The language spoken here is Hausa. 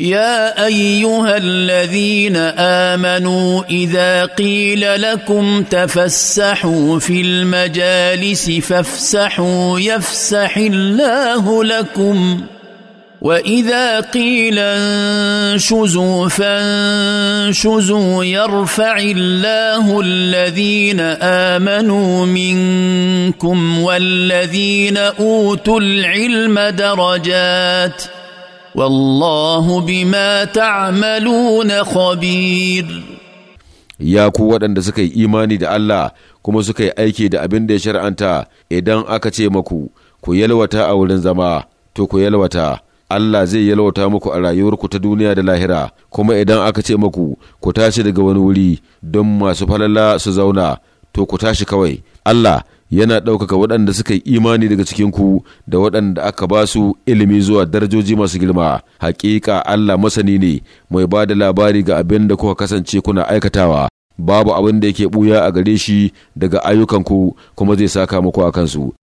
يا ايها الذين امنوا اذا قيل لكم تفسحوا في المجالس فافسحوا يفسح الله لكم واذا قيل انشزوا فانشزوا يرفع الله الذين امنوا منكم والذين اوتوا العلم درجات والله بما تعملون خبير ya ku waɗanda suka yi imani da Allah kuma suka yi aiki da abin da ya shar'anta idan aka ce maku ku yalwata a wurin zama to ku yalwata Allah zai yalwata muku a rayuwarku ta duniya da lahira kuma idan aka ce maku ku tashi daga wani wuri don masu falala su zauna to ku tashi kawai Allah yana ɗaukaka waɗanda suka yi imani daga cikinku da waɗanda aka ba su ilimi zuwa darajoji masu girma haƙiƙa Allah masani ne mai ba da labari ga abin da kuka kasance kuna aikatawa babu abin da yake ɓuya a gare shi daga ayyukanku kuma zai saka muku a kansu